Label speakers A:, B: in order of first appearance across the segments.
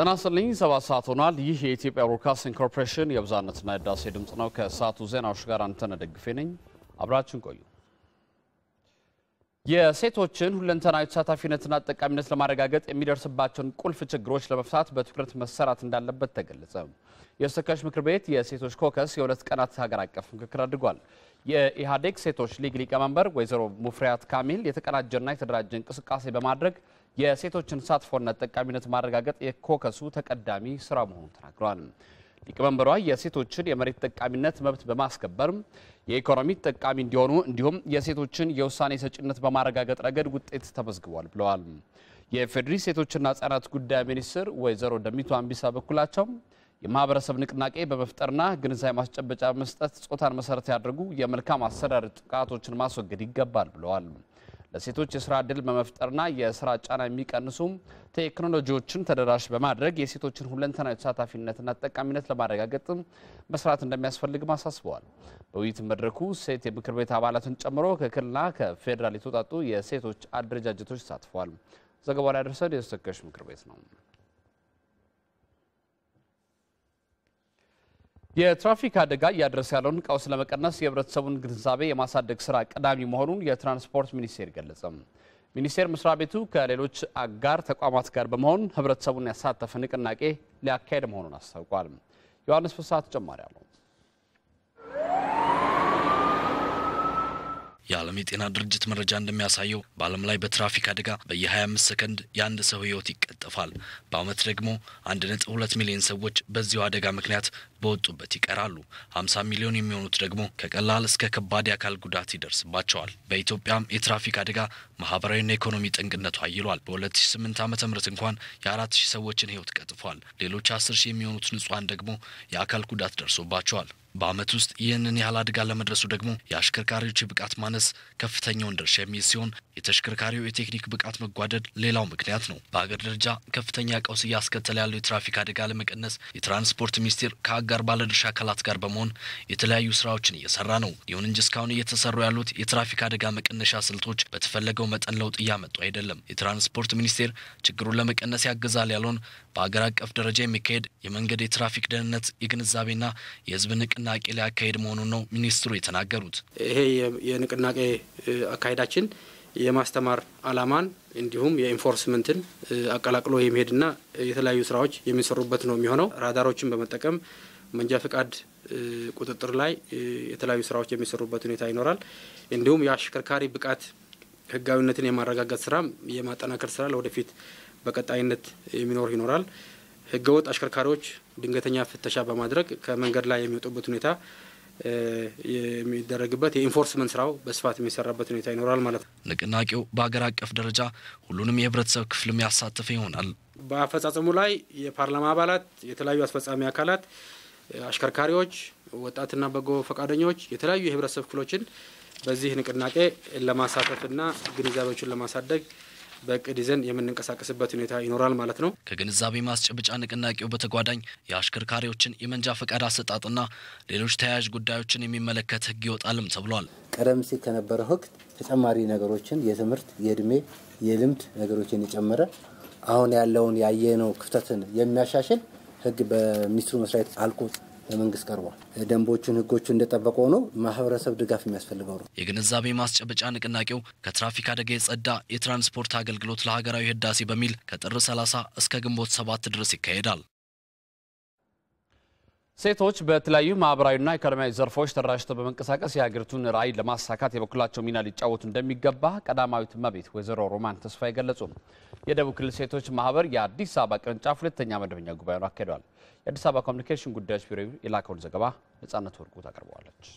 A: ጤና ይስጥልኝ። ሰባት ሰዓት ሆኗል። ይህ የኢትዮጵያ ብሮድካስቲንግ ኮርፖሬሽን የብዛነትና የዳሴ ድምፅ ነው። ከሰዓቱ ዜናዎች ጋር አንተነህ ደግፌ ነኝ። አብራችን ቆዩ። የሴቶችን ሁለንተናዊ ተሳታፊነትና ጠቃሚነት ለማረጋገጥ የሚደርስባቸውን ቁልፍ ችግሮች ለመፍታት በትኩረት መሰራት እንዳለበት ተገለጸ። የተወካዮች ምክር ቤት የሴቶች ኮከስ የሁለት ቀናት ሀገር አቀፍ ምክክር አድርጓል። የኢህአዴግ ሴቶች ሊግ ሊቀመንበር ወይዘሮ ሙፍሪያት ካሚል የተቀናጀና የተደራጀ እንቅስቃሴ በማድረግ የሴቶችን ተሳትፎና ተጠቃሚነት ማረጋገጥ የኮከሱ ተቀዳሚ ስራ መሆኑን ተናግረዋል። ሊቀመንበሯ የሴቶችን የመሬት ተጠቃሚነት መብት በማስከበር የኢኮኖሚ ተጠቃሚ እንዲሆኑ እንዲሁም የሴቶችን የውሳኔ ሰጭነት በማረጋገጥ ረገድ ውጤት ተመዝግቧል ብለዋል። የፌዴሪ ሴቶችና ህጻናት ጉዳይ ሚኒስትር ወይዘሮ ደሚቱ አምቢሳ በኩላቸው የማህበረሰብ ንቅናቄ በመፍጠርና ግንዛቤ ማስጨበጫ በመስጠት ጾታን መሰረት ያደርጉ የመልካም አስተዳደር ጥቃቶችን ማስወገድ ይገባል ብለዋል። ለሴቶች የስራ እድል በመፍጠርና የስራ ጫና የሚቀንሱም ቴክኖሎጂዎችን ተደራሽ በማድረግ የሴቶችን ሁለንተናዊ ተሳታፊነትና ተጠቃሚነት ለማረጋገጥም መስራት እንደሚያስፈልግም አሳስበዋል። በውይይት መድረኩ ሴት የምክር ቤት አባላትን ጨምሮ ከክልልና ከፌዴራል የተውጣጡ የሴቶች አደረጃጀቶች ተሳትፈዋል። ዘገባው ላይ ያደረሰን የሰከሽ ምክር ቤት ነው። የትራፊክ አደጋ እያደረሰ ያለውን ቀውስ ለመቀነስ የህብረተሰቡን ግንዛቤ የማሳደግ ስራ ቀዳሚ መሆኑን የትራንስፖርት ሚኒስቴር ገለጸ። ሚኒስቴር መስሪያ ቤቱ ከሌሎች አጋር ተቋማት ጋር በመሆን ህብረተሰቡን ያሳተፈ ንቅናቄ ሊያካሄድ መሆኑን አስታውቋል። ዮሐንስ ፍስሐ ተጨማሪ አለው።
B: የዓለም የጤና ድርጅት መረጃ እንደሚያሳየው በዓለም ላይ በትራፊክ አደጋ በየ25 ሰከንድ የአንድ ሰው ህይወት ይቀጠፋል። በአመት ደግሞ 1.2 ሚሊዮን ሰዎች በዚሁ አደጋ ምክንያት በወጡበት ይቀራሉ። 50 ሚሊዮን የሚሆኑት ደግሞ ከቀላል እስከ ከባድ የአካል ጉዳት ይደርስባቸዋል። በኢትዮጵያም የትራፊክ አደጋ ማህበራዊና ኢኮኖሚ ጥንቅነቱ አይሏል። በ2008 ዓ ም እንኳን የ4000 ሰዎችን ህይወት ቀጥፏል። ሌሎች 10 ሺህ የሚሆኑት ንጹሐን ደግሞ የአካል ጉዳት ደርሶባቸዋል። በአመት ውስጥ ይህንን ያህል አደጋ ለመድረሱ ደግሞ የአሽከርካሪዎች ብቃት ማነስ ከፍተኛውን ድርሻ የሚይዝ ሲሆን የተሽከርካሪው የቴክኒክ ብቃት መጓደል ሌላው ምክንያት ነው። በሀገር ደረጃ ከፍተኛ ቀውስ እያስከተለ ያለው የትራፊክ አደጋ ለመቀነስ የትራንስፖርት ሚኒስቴር ከ አጋር ባለድርሻ አካላት ጋር በመሆን የተለያዩ ስራዎችን እየሰራ ነው። ይሁን እንጂ እስካሁን እየተሰሩ ያሉት የትራፊክ አደጋ መቀነሻ ስልቶች በተፈለገው መጠን ለውጥ እያመጡ አይደለም። የትራንስፖርት ሚኒስቴር ችግሩን ለመቀነስ ያግዛል ያለውን በአገር አቀፍ ደረጃ የሚካሄድ የመንገድ የትራፊክ ደህንነት የግንዛቤና የህዝብ ንቅናቄ ሊያካሄድ መሆኑን ነው ሚኒስትሩ የተናገሩት።
C: ይሄ የንቅናቄ አካሄዳችን የማስተማር አላማን እንዲሁም የኢንፎርስመንትን አቀላቅሎ የሚሄድና የተለያዩ ስራዎች የሚሰሩበት ነው የሚሆነው። ራዳሮችን በመጠቀም መንጃ ፈቃድ ቁጥጥር ላይ የተለያዩ ስራዎች የሚሰሩበት ሁኔታ ይኖራል። እንዲሁም የአሽከርካሪ ብቃት ህጋዊነትን የማረጋገጥ ስራም የማጠናከር ስራ ለወደፊት በቀጣይነት የሚኖር ይኖራል። ህገወጥ አሽከርካሪዎች ድንገተኛ ፍተሻ በማድረግ ከመንገድ ላይ የሚወጡበት ሁኔታ የሚደረግበት የኢንፎርስመንት ስራው በስፋት የሚሰራበት ሁኔታ ይኖራል ማለት ነው።
B: ንቅናቄው በሀገር አቀፍ ደረጃ ሁሉንም የህብረተሰብ ክፍል ያሳተፈ ይሆናል።
C: በአፈጻጸሙ ላይ የፓርላማ አባላት፣ የተለያዩ አስፈጻሚ አካላት አሽከርካሪዎች፣ ወጣትና በጎ ፈቃደኞች፣ የተለያዩ የህብረተሰብ ክፍሎችን በዚህ ንቅናቄ ለማሳተፍና ግንዛቤዎችን ለማሳደግ በቅድ ይዘን የምንንቀሳቀስበት ሁኔታ ይኖራል ማለት ነው።
B: ከግንዛቤ ማስጨበጫ ንቅናቄው በተጓዳኝ የአሽከርካሪዎችን የመንጃ ፈቃድ አሰጣጥና ሌሎች ተያያዥ ጉዳዮችን የሚመለከት ህግ ይወጣልም ተብሏል።
C: ቀደም ሲል ከነበረው ህግ ተጨማሪ ነገሮችን የትምህርት፣ የእድሜ፣ የልምድ ነገሮችን የጨመረ አሁን ያለውን ያየነው ክፍተትን የሚያሻሽል ህግ በሚኒስትሩ መስሪያ ቤት አልቆ ለመንግስት ቀርቧል። ደንቦቹን፣ ህጎቹን እንደጠበቀ ሆኖ
B: ማህበረሰብ ድጋፍ የሚያስፈልገው ነው። የግንዛቤ ማስጨበጫ ንቅናቄው ከትራፊክ አደጋ የጸዳ የትራንስፖርት አገልግሎት ለሀገራዊ ህዳሴ በሚል ከጥር 30 እስከ ግንቦት ሰባት ድረስ ይካሄዳል።
A: ሴቶች በተለያዩ ማህበራዊና ኢኮኖሚያዊ ዘርፎች ተደራጅተው በመንቀሳቀስ የሀገሪቱን ራዕይ ለማሳካት የበኩላቸው ሚና ሊጫወቱ እንደሚገባ ቀዳማዊት እመቤት ወይዘሮ ሮማን ተስፋ ገለጹ። የደቡብ ክልል ሴቶች ማህበር የአዲስ አበባ ቅርንጫፍ ሁለተኛ መደበኛ ጉባኤውን አካሂደዋል። የአዲስ አበባ ኮሚኒኬሽን ጉዳዮች ቢሮ የላከውን ዘገባ ነጻነት ወርቁ ታቀርበዋለች።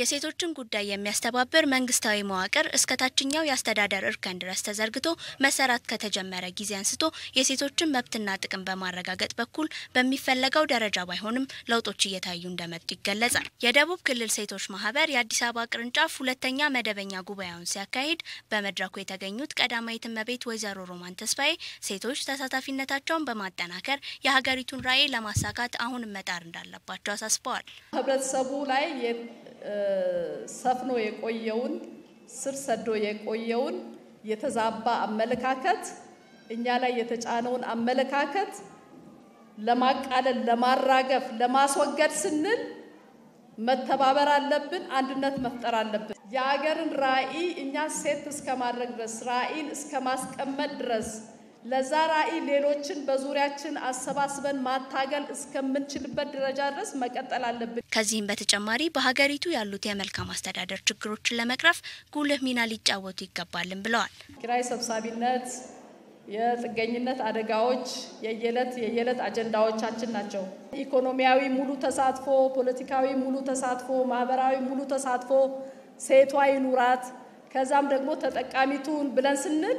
D: የሴቶችን ጉዳይ የሚያስተባብር መንግስታዊ መዋቅር እስከ ታችኛው የአስተዳደር እርከን ድረስ ተዘርግቶ መሰራት ከተጀመረ ጊዜ አንስቶ የሴቶችን መብትና ጥቅም በማረጋገጥ በኩል በሚፈለገው ደረጃ ባይሆንም ለውጦች እየታዩ እንደመጡ ይገለጻል። የደቡብ ክልል ሴቶች ማህበር የአዲስ አበባ ቅርንጫፍ ሁለተኛ መደበኛ ጉባኤውን ሲያካሂድ በመድረኩ የተገኙት ቀዳማዊት እመቤት ወይዘሮ ሮማን ተስፋዬ ሴቶች ተሳታፊነታቸውን በማጠናከር የሀገሪቱን ራዕይ ለማሳካት አሁን መጣር እንዳለባቸው አሳስበዋል። ህብረተሰቡ ላይ ሰፍኖ የቆየውን ስር ሰዶ የቆየውን የተዛባ አመለካከት እኛ ላይ የተጫነውን አመለካከት ለማቃለል፣ ለማራገፍ፣ ለማስወገድ ስንል መተባበር አለብን። አንድነት መፍጠር አለብን። የአገርን ራዕይ እኛ ሴት እስከ ማድረግ ድረስ ራዕይን እስከ ማስቀመጥ ድረስ ለዛ ራዕይ ሌሎችን በዙሪያችን አሰባስበን ማታገል እስከምንችልበት ደረጃ ድረስ መቀጠል አለብን። ከዚህም በተጨማሪ በሀገሪቱ ያሉት የመልካም አስተዳደር ችግሮችን ለመቅረፍ ጉልህ ሚና ሊጫወቱ ይገባልን ብለዋል። ኪራይ ሰብሳቢነት፣ የጥገኝነት አደጋዎች የየለት የየለት አጀንዳዎቻችን ናቸው። ኢኮኖሚያዊ ሙሉ ተሳትፎ፣ ፖለቲካዊ ሙሉ ተሳትፎ፣ ማህበራዊ ሙሉ ተሳትፎ ሴቷ ይኑራት፣ ከዛም ደግሞ ተጠቃሚቱን ብለን ስንል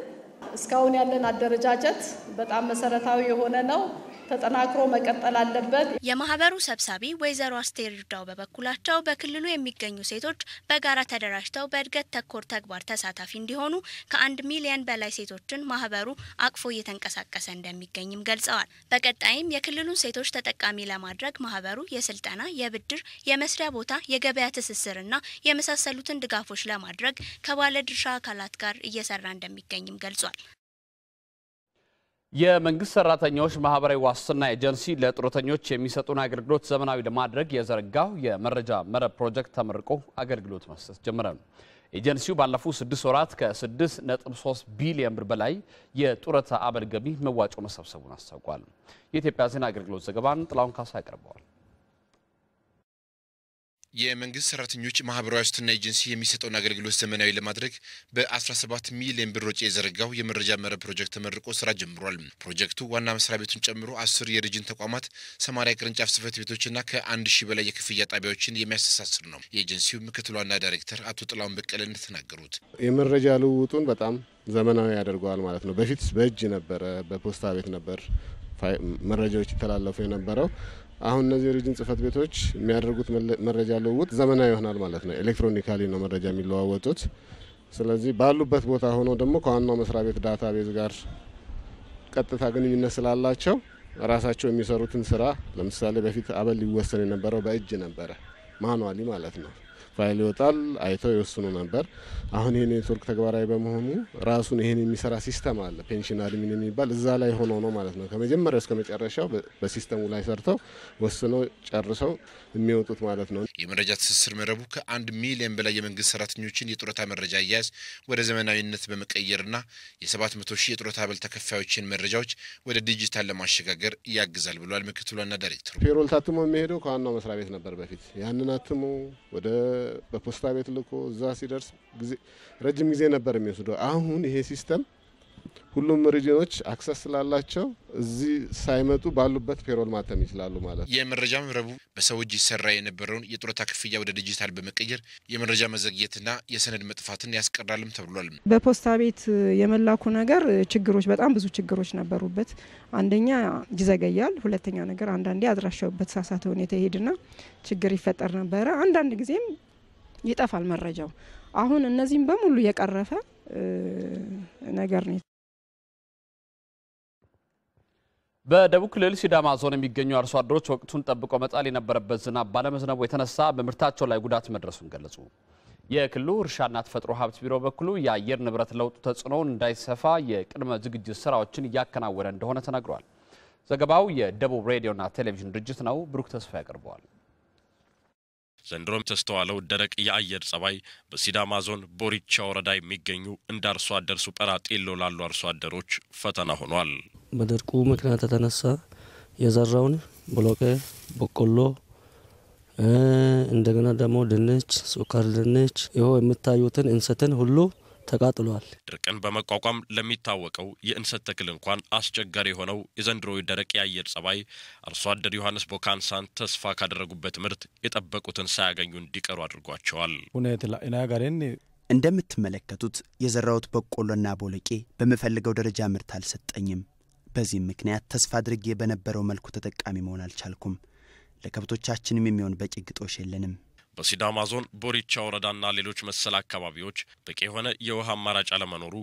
D: እስካሁን ያለን አደረጃጀት በጣም መሰረታዊ የሆነ ነው። ተጠናክሮ መቀጠል አለበት። የማህበሩ ሰብሳቢ ወይዘሮ አስቴር ይርዳው በበኩላቸው በክልሉ የሚገኙ ሴቶች በጋራ ተደራጅተው በእድገት ተኮር ተግባር ተሳታፊ እንዲሆኑ ከአንድ ሚሊየን በላይ ሴቶችን ማህበሩ አቅፎ እየተንቀሳቀሰ እንደሚገኝም ገልጸዋል። በቀጣይም የክልሉን ሴቶች ተጠቃሚ ለማድረግ ማህበሩ የስልጠና፣ የብድር፣ የመስሪያ ቦታ፣ የገበያ ትስስርና የመሳሰሉትን ድጋፎች ለማድረግ ከባለድርሻ አካላት ጋር እየሰራ እንደሚገኝም ገልጿል።
A: የመንግስት ሰራተኞች ማህበራዊ ዋስትና ኤጀንሲ ለጡረተኞች የሚሰጡን አገልግሎት ዘመናዊ ለማድረግ የዘረጋው የመረጃ መረብ ፕሮጀክት ተመርቆ አገልግሎት መስጠት ጀመረ ነው። ኤጀንሲው ባለፉት ስድስት ወራት ከ6.3 ቢሊዮን ብር በላይ የጡረታ አበል ገቢ መዋጮ መሰብሰቡን አስታውቋል። የኢትዮጵያ ዜና አገልግሎት ዘገባን ጥላሁን ካሳ ያቀርበዋል።
E: የመንግስት ሰራተኞች ማህበራዊ ዋስትና ኤጀንሲ የሚሰጠውን አገልግሎት ዘመናዊ ለማድረግ በ17 ሚሊዮን ብር ወጪ የዘረጋው የመረጃ መረብ ፕሮጀክት ተመርቆ ስራ ጀምሯል። ፕሮጀክቱ ዋና መስሪያ ቤቱን ጨምሮ አስር የሪጅን ተቋማት፣ ሰማሪያ ቅርንጫፍ ጽህፈት ቤቶችና ከአንድ ሺህ በላይ የክፍያ ጣቢያዎችን የሚያስተሳስር ነው። የኤጀንሲው ምክትል ዋና ዳይሬክተር አቶ ጥላሁን በቀለ እንደተናገሩት
F: የመረጃ ልውውጡን በጣም ዘመናዊ ያደርገዋል ማለት ነው። በፊት በእጅ ነበረ፣ በፖስታ ቤት ነበር መረጃዎች ይተላለፉ የነበረው አሁን እነዚህ የሪጅን ጽህፈት ቤቶች የሚያደርጉት መረጃ ልውውጥ ዘመናዊ ይሆናል ማለት ነው። ኤሌክትሮኒካሊ ነው መረጃ የሚለዋወጡት። ስለዚህ ባሉበት ቦታ ሆኖ ደግሞ ከዋናው መስሪያ ቤት ዳታ ቤዝ ጋር ቀጥታ ግንኙነት ስላላቸው ራሳቸው የሚሰሩትን ስራ ለምሳሌ በፊት አበል ሊወሰን የነበረው በእጅ ነበረ ማኗሊ ማለት ነው። ፋይል ይወጣል፣ አይተው ይወስኑ ነበር። አሁን ይህ ኔትወርክ ተግባራዊ በመሆኑ ራሱን ይህን የሚሰራ ሲስተም አለ፣ ፔንሽን አድሚን የሚባል እዛ ላይ ሆኖ ነው ማለት ነው። ከመጀመሪያው እስከ መጨረሻው በሲስተሙ ላይ ሰርተው ወስነው ጨርሰው የሚወጡት ማለት ነው።
E: የመረጃ ትስስር መረቡ ከአንድ ሚሊዮን በላይ የመንግስት ሰራተኞችን የጡረታ መረጃ አያያዝ ወደ ዘመናዊነት በመቀየርና የሰባት መቶ ሺህ የጡረታ አበል ተከፋዮችን መረጃዎች ወደ ዲጂታል ለማሸጋገር ያግዛል ብሏል ምክትል ዋና ዳይሬክተሩ።
F: ፔሮል ታትሞ የሚሄደው ከዋናው መስሪያ ቤት ነበር በፊት ያንን አትሞ ወደ በፖስታ ቤት ልኮ እዛ ሲደርስ ረጅም ጊዜ ነበር የሚወስደው። አሁን ይሄ ሲስተም ሁሉም ሪጅኖች አክሰስ ስላላቸው እዚህ ሳይመጡ ባሉበት ፔሮል ማተም ይችላሉ ማለት ነው።
E: የመረጃ መረቡ በሰው እጅ ይሰራ የነበረውን የጡረታ ክፍያ ወደ ዲጂታል በመቀየር የመረጃ መዘግየትና የሰነድ መጥፋትን ያስቀራልም ተብሏል።
G: በፖስታ ቤት የመላኩ ነገር ችግሮች፣ በጣም ብዙ ችግሮች ነበሩበት። አንደኛ ይዘገያል፣ ሁለተኛ ነገር አንዳንዴ አድራሻው በተሳሳተ ሁኔታ ይሄድና ችግር ይፈጠር ነበረ። አንዳንድ ጊዜም ይጠፋል መረጃው። አሁን እነዚህም በሙሉ የቀረፈ ነገር ነው።
A: በደቡብ ክልል ሲዳማ ዞን የሚገኙ አርሶ አደሮች ወቅቱን ጠብቆ መጣል የነበረበት ዝናብ ባለመዝነቡ የተነሳ በምርታቸው ላይ ጉዳት መድረሱን ገለጹ። የክልሉ እርሻና ተፈጥሮ ሀብት ቢሮ በኩሉ የአየር ንብረት ለውጡ ተጽዕኖውን እንዳይሰፋ የቅድመ ዝግጅት ስራዎችን እያከናወነ እንደሆነ ተናግረዋል። ዘገባው የደቡብ ሬዲዮና ቴሌቪዥን ድርጅት ነው። ብሩክ ተስፋ ያቀርበዋል።
H: ዘንድሮም የተስተዋለው ደረቅ የአየር ጸባይ በሲዳማ ዞን ቦሪቻ ወረዳ የሚገኙ እንደ አርሶ አደር ሱፐራ ጤሎ ላሉ አርሶ አደሮች ፈተና ሆኗል።
B: በድርቁ ምክንያት የተነሳ የዘራውን ቦሎቄ፣ በቆሎ እንደገና ደግሞ ድንች፣ ሱካር ድንች ይኸው የምታዩትን እንሰትን ሁሉ ተቃጥሏል።
H: ድርቅን በመቋቋም ለሚታወቀው የእንሰት ተክል እንኳን አስቸጋሪ የሆነው የዘንድሮ ደረቅ የአየር ጸባይ አርሶ አደር ዮሐንስ ቦካንሳን ተስፋ ካደረጉበት ምርት የጠበቁትን ሳያገኙ እንዲቀሩ አድርጓቸዋል።
C: እንደምትመለከቱት የዘራሁት በቆሎና ቦለቄ በምፈልገው ደረጃ ምርት አልሰጠኝም። በዚህም ምክንያት ተስፋ አድርጌ በነበረው መልኩ ተጠቃሚ መሆን አልቻልኩም። ለከብቶቻችንም የሚሆን በቂ ግጦሽ የለንም።
H: በሲዳማ ዞን ቦሪቻ ወረዳና ሌሎች መሰል አካባቢዎች በቂ የሆነ የውሃ አማራጭ አለመኖሩ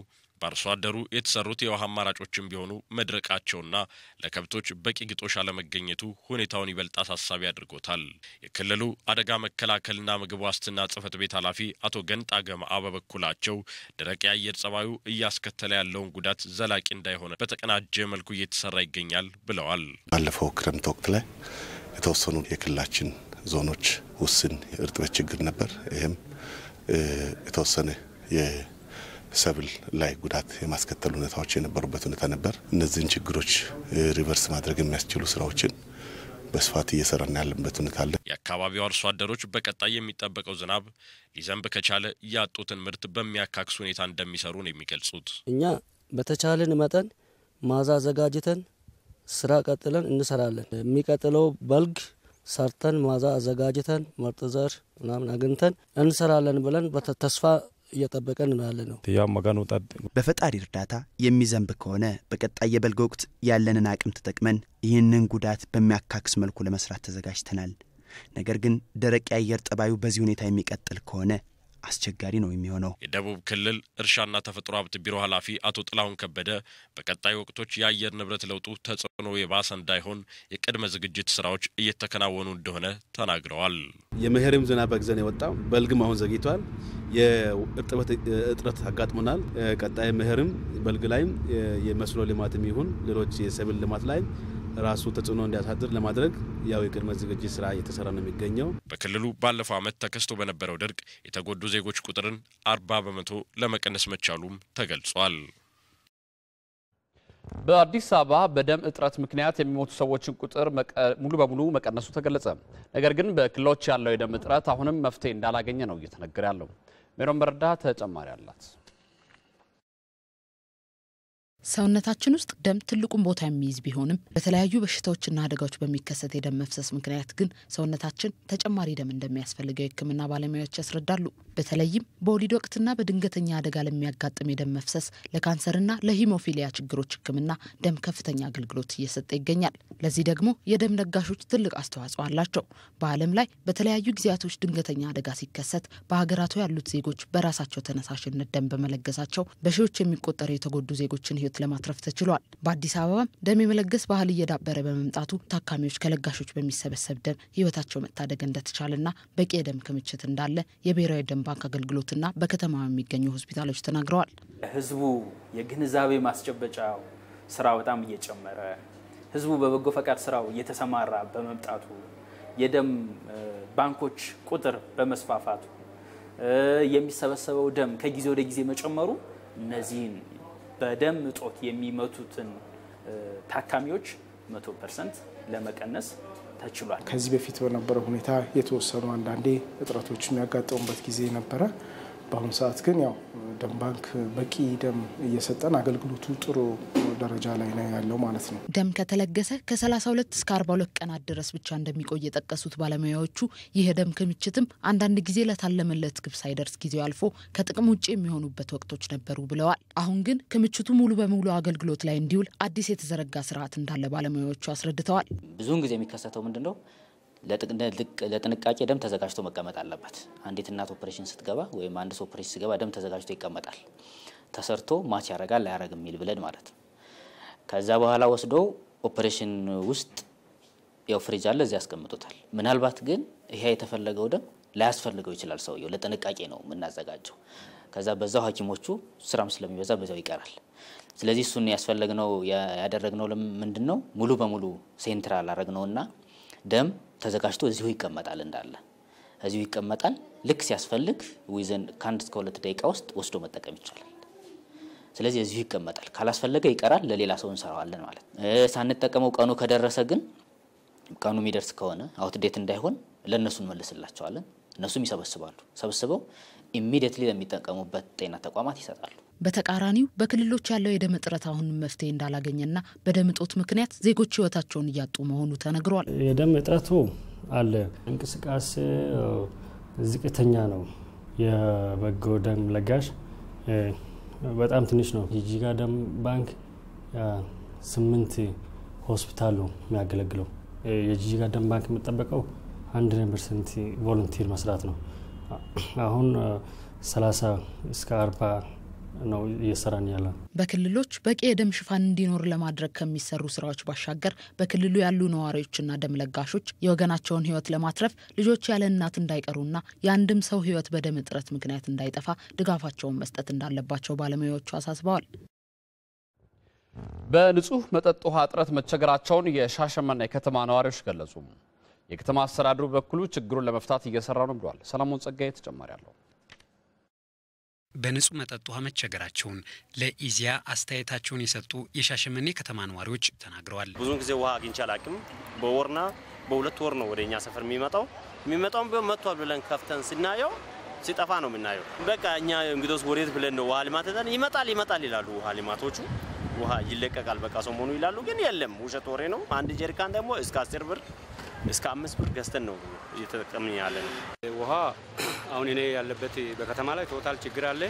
H: በአርሶ አደሩ የተሰሩት የውሃ አማራጮችም ቢሆኑ መድረቃቸውና ለከብቶች በቂ ግጦሽ አለመገኘቱ ሁኔታውን ይበልጥ አሳሳቢ አድርጎታል። የክልሉ አደጋ መከላከልና ምግብ ዋስትና ጽሕፈት ቤት ኃላፊ አቶ ገንጣ ገማአ በበኩላቸው ደረቅ የአየር ጸባዩ እያስከተለ ያለውን ጉዳት ዘላቂ እንዳይሆነ በተቀናጀ መልኩ እየተሰራ ይገኛል ብለዋል።
F: ባለፈው ክረምት ወቅት ላይ የተወሰኑ የክልላችን ዞኖች ውስን እርጥበት ችግር ነበር። ይህም የተወሰነ የሰብል ላይ ጉዳት የማስከተል ሁኔታዎች የነበሩበት ሁኔታ ነበር። እነዚህን ችግሮች ሪቨርስ ማድረግ የሚያስችሉ ስራዎችን በስፋት እየሰራና ያለንበት ሁኔታ አለ።
H: የአካባቢው አርሶ አደሮች በቀጣይ የሚጠበቀው ዝናብ ሊዘንብ ከቻለ ያጡትን ምርት በሚያካክስ ሁኔታ እንደሚሰሩ ነው የሚገልጹት።
B: እኛ በተቻለን መጠን ማዛ አዘጋጅተን ስራ ቀጥለን እንሰራለን። የሚቀጥለው በልግ ሰርተን ማዛ አዘጋጅተን ምርጥ ዘር ምናምን አግኝተን እንሰራለን ብለን ተስፋ እየጠበቀን ያለ ነው።
C: በፈጣሪ እርዳታ የሚዘንብ ከሆነ በቀጣይ የበልግ ወቅት ያለንን አቅም ተጠቅመን ይህንን ጉዳት በሚያካክስ መልኩ ለመስራት ተዘጋጅተናል። ነገር ግን ደረቅ የአየር ጠባዩ በዚህ ሁኔታ የሚቀጥል ከሆነ አስቸጋሪ ነው የሚሆነው።
H: የደቡብ ክልል እርሻና ተፈጥሮ ሀብት ቢሮ ኃላፊ አቶ ጥላሁን ከበደ በቀጣይ ወቅቶች የአየር ንብረት ለውጡ ተጽዕኖ የባሰ እንዳይሆን የቅድመ ዝግጅት ስራዎች እየተከናወኑ እንደሆነ ተናግረዋል። የመኸርም ዝናብ
F: በጊዜ ነው የወጣው። በልግም አሁን ዘግይቷል። የእርጥበት እጥረት አጋጥሞናል። ቀጣይ መኸርም በልግ ላይም የመስኖ ልማትም ይሁን ሌሎች የሰብል ልማት ላይም ራሱ ተጽዕኖ እንዲያሳድር ለማድረግ ያው የቅድመ ዝግጅት ስራ እየተሰራ ነው የሚገኘው።
H: በክልሉ ባለፈው ዓመት ተከስቶ በነበረው ድርቅ የተጎዱ ዜጎች ቁጥርን አርባ በመቶ ለመቀነስ መቻሉም ተገልጿል።
A: በአዲስ አበባ በደም እጥረት ምክንያት የሚሞቱ ሰዎችን ቁጥር ሙሉ በሙሉ መቀነሱ ተገለጸ። ነገር ግን በክልሎች ያለው የደም እጥረት አሁንም መፍትሄ እንዳላገኘ ነው እየተነገረ ያለው። ሜሮን በረዳ ተጨማሪ አላት።
G: ሰውነታችን ውስጥ ደም ትልቁን ቦታ የሚይዝ ቢሆንም በተለያዩ በሽታዎችና አደጋዎች በሚከሰት የደም መፍሰስ ምክንያት ግን ሰውነታችን ተጨማሪ ደም እንደሚያስፈልገው የሕክምና ባለሙያዎች ያስረዳሉ። በተለይም በወሊድ ወቅትና በድንገተኛ አደጋ ለሚያጋጥም የደም መፍሰስ ለካንሰርና ለሂሞፊሊያ ችግሮች ሕክምና ደም ከፍተኛ አገልግሎት እየሰጠ ይገኛል። ለዚህ ደግሞ የደም ለጋሾች ትልቅ አስተዋጽኦ አላቸው። በዓለም ላይ በተለያዩ ጊዜያቶች ድንገተኛ አደጋ ሲከሰት በሀገራቱ ያሉት ዜጎች በራሳቸው ተነሳሽነት ደም በመለገሳቸው በሺዎች የሚቆጠሩ የተጎዱ ዜጎችን ሕይወት ለማትረፍ ተችሏል። በአዲስ አበባም ደም የመለገስ ባህል እየዳበረ በመምጣቱ ታካሚዎች ከለጋሾች በሚሰበሰብ ደም ሕይወታቸው መታደግ እንደተቻለና በቂ የደም ክምችት እንዳለ የብሔራዊ ደም ባንክ አገልግሎትና በከተማ የሚገኙ ሆስፒታሎች ተናግረዋል።
C: ህዝቡ የግንዛቤ ማስጨበጫው ስራ በጣም እየጨመረ ህዝቡ በበጎ
I: ፈቃድ ስራው እየተሰማራ በመምጣቱ የደም ባንኮች ቁጥር በመስፋፋቱ የሚሰበሰበው ደም ከጊዜ ወደ ጊዜ መጨመሩ እነዚህን በደም እጦት የሚመቱትን ታካሚዎች መቶ ፐርሰንት ለመቀነስ ተችሏል።
F: ከዚህ በፊት በነበረው ሁኔታ የተወሰኑ አንዳንዴ እጥረቶች የሚያጋጠሙበት ጊዜ ነበረ። በአሁኑ ሰዓት ግን ያው ደም ባንክ በቂ ደም እየሰጠን አገልግሎቱ ጥሩ ደረጃ ላይ ነው ያለው ማለት ነው።
G: ደም ከተለገሰ ከ32 እስከ 42 ቀናት ድረስ ብቻ እንደሚቆይ የጠቀሱት ባለሙያዎቹ ይህ ደም ክምችትም አንዳንድ ጊዜ ለታለመለት ግብ ሳይደርስ ጊዜው አልፎ ከጥቅም ውጭ የሚሆኑበት ወቅቶች ነበሩ ብለዋል። አሁን ግን ክምችቱ ሙሉ በሙሉ አገልግሎት ላይ እንዲውል አዲስ የተዘረጋ ስርዓት እንዳለ ባለሙያዎቹ አስረድተዋል።
I: ብዙውን ጊዜ የሚከሰተው ምንድን ነው? ለጥንቃቄ ደም ተዘጋጅቶ መቀመጥ አለበት። አንዲት እናት ኦፕሬሽን ስትገባ ወይም አንድ ሰው ኦፕሬሽን ስትገባ ደም ተዘጋጅቶ ይቀመጣል። ተሰርቶ ማች ያደርጋል ላያረግ የሚል ብለን ማለት ነው። ከዛ በኋላ ወስዶ ኦፕሬሽን ውስጥ ያው ፍሪጅ አለ እዚያ ያስቀምጡታል። ምናልባት ግን ይሄ የተፈለገው ደም ላያስፈልገው ይችላል። ሰውየው ለጥንቃቄ ነው የምናዘጋጀው። ከዛ በዛው ሐኪሞቹ ስራም ስለሚበዛ በዛው ይቀራል። ስለዚህ እሱን ያስፈለግነው ያደረግነው ምንድን ነው ሙሉ በሙሉ ሴንትራል አረግነውና ደም ተዘጋጅቶ እዚሁ ይቀመጣል እንዳለ እዚሁ ይቀመጣል። ልክ ሲያስፈልግ ዊዘን ከአንድ እስከ ሁለት ደቂቃ ውስጥ ወስዶ መጠቀም ይቻላል። ስለዚህ እዚሁ ይቀመጣል። ካላስፈለገ ይቀራል፣ ለሌላ ሰው እንሰራዋለን ማለት ሳንጠቀመው ቀኑ ከደረሰ ግን ቀኑ የሚደርስ ከሆነ አውትዴት እንዳይሆን ለእነሱ እንመልስላቸዋለን። እነሱም ይሰበስባሉ። ሰብስበው ኢሚዲየትሊ ለሚጠቀሙበት ጤና ተቋማት ይሰጣሉ።
G: በተቃራኒው በክልሎች ያለው የደም እጥረት አሁንም መፍትሄ እንዳላገኘና በደም እጦት ምክንያት ዜጎች ህይወታቸውን እያጡ መሆኑ ተነግሯል።
C: የደም እጥረቱ አለ። እንቅስቃሴ ዝቅተኛ ነው። የበጎ ደም ለጋሽ በጣም ትንሽ ነው። ጂጂጋ ደም ባንክ ስምንት ሆስፒታሉ የሚያገለግለው የጂጂጋ ደም ባንክ የምጠበቀው አንድ ፐርሰንት ቮለንቲር መስራት ነው። አሁን 30 እስከ 40 ነው እየሰራን ያለ።
G: በክልሎች በቂ የደም ሽፋን እንዲኖር ለማድረግ ከሚሰሩ ስራዎች ባሻገር በክልሉ ያሉ ነዋሪዎችና ደም ለጋሾች የወገናቸውን ህይወት ለማትረፍ ልጆች ያለ እናት እንዳይቀሩና የአንድም ሰው ህይወት በደም እጥረት ምክንያት እንዳይጠፋ ድጋፋቸውን መስጠት እንዳለባቸው ባለሙያዎቹ አሳስበዋል።
A: በንጹህ መጠጥ ውሃ እጥረት መቸገራቸውን የሻሸመና የከተማ ነዋሪዎች ገለጹ። የከተማ አስተዳደሩ በኩሉ ችግሩን ለመፍታት እየሰራ ነው ብሏል። ሰለሞን ጸጋዬ ተጨማሪ አለው።
C: በንጹህ መጠጥ ውሃ መቸገራቸውን ለኢዜአ አስተያየታቸውን የሰጡ የሻሸመኔ ከተማ ነዋሪዎች ተናግረዋል።
F: ብዙውን ጊዜ ውሃ አግኝቼ አላቅም። በወርና በሁለት ወር ነው ወደ እኛ ሰፈር የሚመጣው። የሚመጣውም ቢሆን መጥቷል ብለን ከፍተን ስናየው ሲጠፋ ነው የምናየው። በቃ እኛ እንግዶስ ወዴት ብለን ነው ውሃ ልማት ይመጣል ይመጣል ይላሉ ውሃ ልማቶቹ ውሃ ይለቀቃል በቃ ሰሞኑ ይላሉ፣ ግን የለም ውሸት ወሬ ነው። አንድ ጀሪካን ደግሞ እስከ አስር ብር እስከ አምስት ብር ገዝተን ነው እየተጠቀምን ያለ ነው ውሃ
C: አሁን እኔ ያለበት በከተማ ላይ ቶታል ችግር አለ።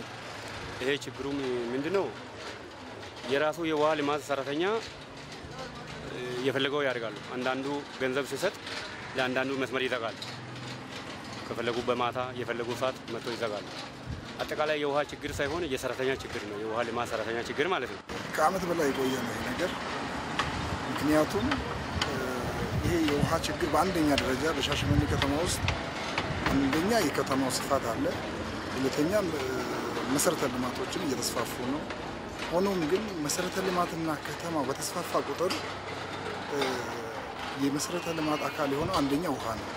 C: ይሄ ችግሩም ምንድ ነው? የራሱ የውሃ ልማት ሰራተኛ የፈለገው ያደርጋሉ። አንዳንዱ ገንዘብ ሲሰጥ ለአንዳንዱ መስመር ይዘጋል። ከፈለጉ በማታ የፈለጉ ሰዓት መጥቶ ይዘጋሉ። አጠቃላይ የውሃ ችግር ሳይሆን የሰራተኛ ችግር ነው። የውሃ ልማት ሰራተኛ ችግር ማለት ነው።
F: ከአመት በላይ የቆየ ነው ነገር ምክንያቱም ይሄ የውሃ ችግር በአንደኛ ደረጃ በሻሸመኔ ከተማ ውስጥ አንደኛ የከተማው ስፋት አለ፣ ሁለተኛ መሰረተ ልማቶችን እየተስፋፉ ነው። ሆኖም ግን መሰረተ ልማትና ከተማ በተስፋፋ ቁጥር የመሰረተ ልማት አካል የሆነው አንደኛ ውሃ ነው፣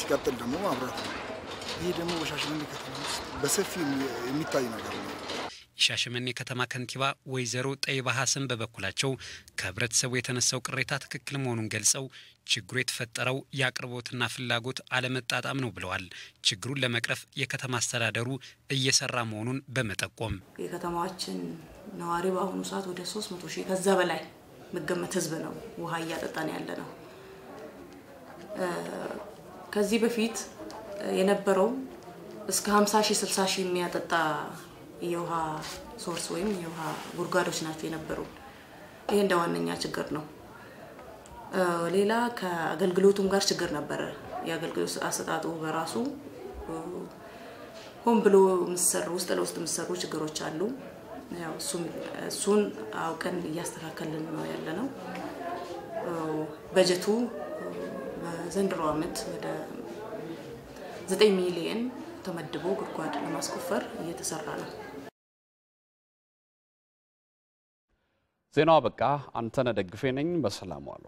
F: ሲቀጥል ደግሞ ማብራት ነው። ይህ ደግሞ በሻሸመኔ ከተማ ውስጥ በሰፊ የሚታይ ነገር ነው።
C: የሻሸመኔ ከተማ ከንቲባ ወይዘሮ ጠይባ ሀሰን በበኩላቸው ከህብረተሰቡ የተነሳው ቅሬታ ትክክል መሆኑን ገልጸው ችግሩ የተፈጠረው የአቅርቦትና ፍላጎት አለመጣጣም ነው ብለዋል። ችግሩን ለመቅረፍ የከተማ አስተዳደሩ እየሰራ መሆኑን በመጠቆም
I: የከተማችን ነዋሪ በአሁኑ ሰዓት ወደ 300 ሺህ ከዛ በላይ መገመት ህዝብ ነው ውሃ እያጠጣን ያለ ነው። ከዚህ በፊት የነበረው እስከ 50 ሺህ 60 ሺህ የሚያጠጣ የውሃ ሶርስ ወይም የውሃ ጉድጓዶች ናቸው የነበሩ። ይሄ እንደ ዋነኛ ችግር ነው። ሌላ ከአገልግሎቱም ጋር ችግር ነበረ። የአገልግሎት አሰጣጡ በራሱ ሆን ብሎ የሚሰሩ ውስጥ ለውስጥ የሚሰሩ ችግሮች አሉ። እሱን አውቀን እያስተካከልን ነው ያለ ነው።
G: በጀቱ በዘንድሮ ዓመት ወደ ዘጠኝ ሚሊየን ተመድቦ ጉድጓድ ለማስቆፈር እየተሰራ ነው።
A: ዜናው በቃ። አንተነህ ደግፌ ነኝ። በሰላም ዋሉ።